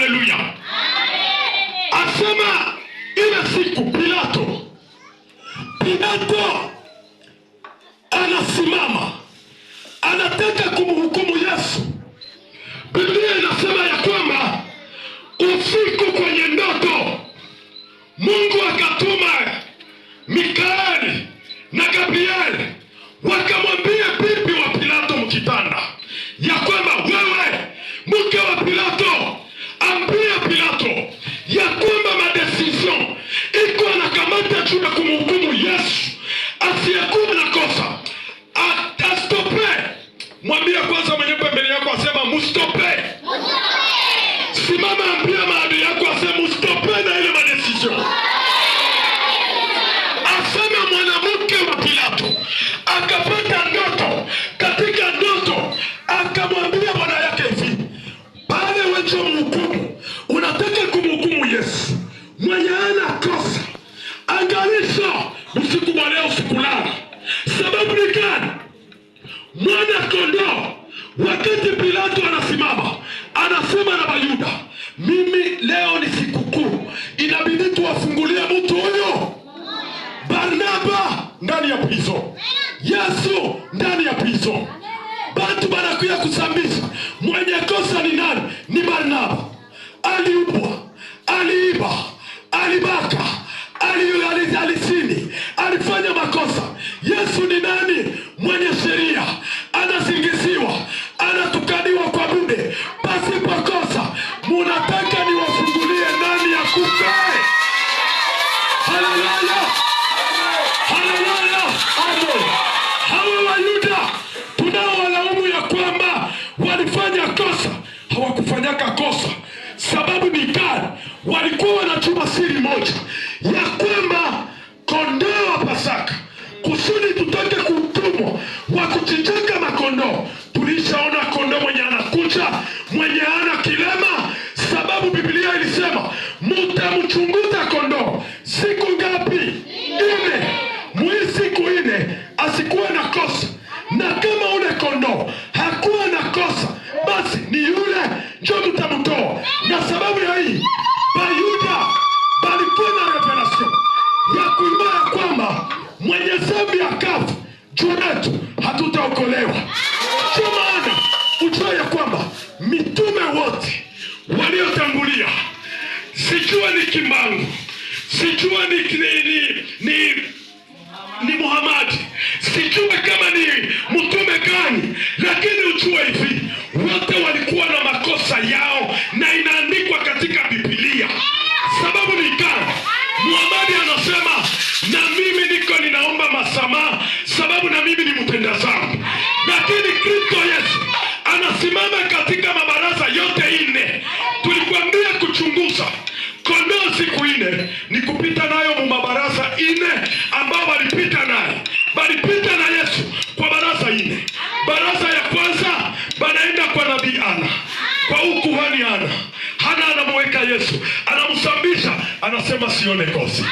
Haleluya! Asema ile siku Pilato, Pilato anasimama anataka kumhukumu Yesu. Biblia inasema ya kwamba usiku kwenye ndoto Mungu akatuma Mikaeli na Gabrieli makosa. Angalisha usiku wa leo sikulala. Sababu ni gani? Mwana kondoo, wakati Pilato anasimama anasema na Bayuda, mimi leo ni sikukuu, inabidi tuwafungulie mtu huyo. Barnaba ndani ya pizo, Yesu ndani ya pizo, batu banakuya kusambisa. mwenye kosa ni nani? Ni Barnaba. hawajataka kosa. Sababu ni gani? Walikuwa wanachuma siri moja ya kwamba kondoo wa Pasaka kusudi tutoke kutumwa wa kuchinjika makondoo. Tulishaona kondoo mwenye anakucha, mwenye ana kilema, sababu Biblia ilisema mutamchunguza kondoo siku ngapi? sababu ya hii Bayuda balikuwa na revelasio ya kuimana kwamba mwenye zambi akafu juu yetu hatutaokolewa. cho maana ujua ya kwamba mitume wote waliotangulia, sijua ni Kimbangu, sijua ni, ni, ni, ni Muhamadi, sijua kama ni mtume gani, lakini ujua hivi wote walikuwa na makosa ya Mwanadamu anasema anasema sione kosa,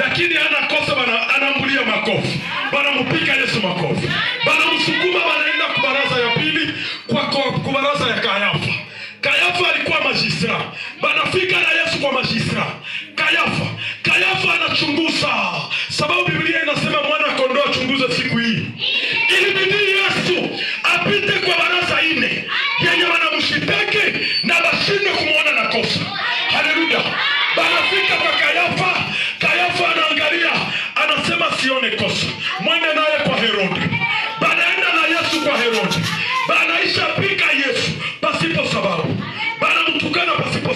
lakini ana kosa, anambulia makofi, banamupika Yesu makofi, banamsukuma, banaenda kubaraza ya pili kwa kubaraza ya Kayafa. Kayafa alikuwa majistra, banafika na Yesu kwa majistra Kayafa. Kayafa anachunguza, sababu Biblia inasema mwana kondoo achunguze siku hii, ilibidi Yesu apite kwa baraza ine yenye wanamshitaki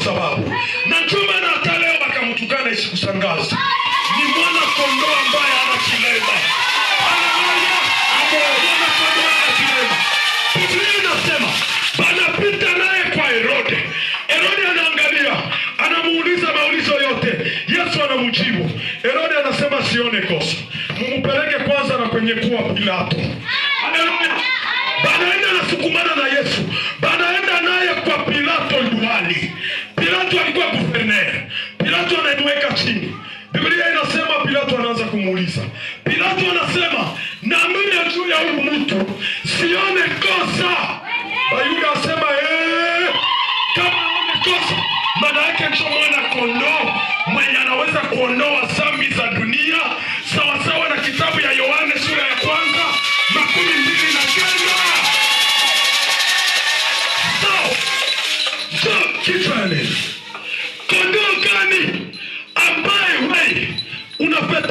sababu. Na ndio maana hata leo wakamtukana, Ni mwana kondoo ambaye ana kilema, haleluya, ambaye mwana kilema. kwa anamuuliza maulizo yote, Yesu anasema sione kwanza na kwenye kuwa Pilato. Haleluya, banaenda nasukumana na watu wanasema namile juu ya huyu mtu sione kosa. Ayuda asema ee, kama aone kosa, maana yake njo mwana kondoo mwenye anaweza kuondoa dhambi za dunia, sawasawa na kitabu ya Yohane sura ya kwanza makumi mbili na kenda. So, so kichwani kondoo gani ambaye wewe unapenda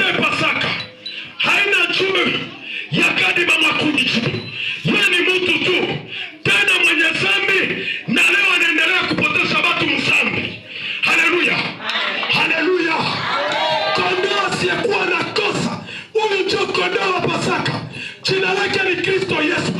I like ni Kristo Yes.